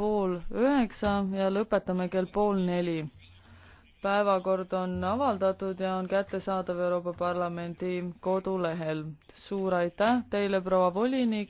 pool üheksa ja lõpetame kell pool neli. päevakord on avaldatud ja on kättesaadav Euroopa Parlamendi kodulehel. suur aitäh teile, proua volinik!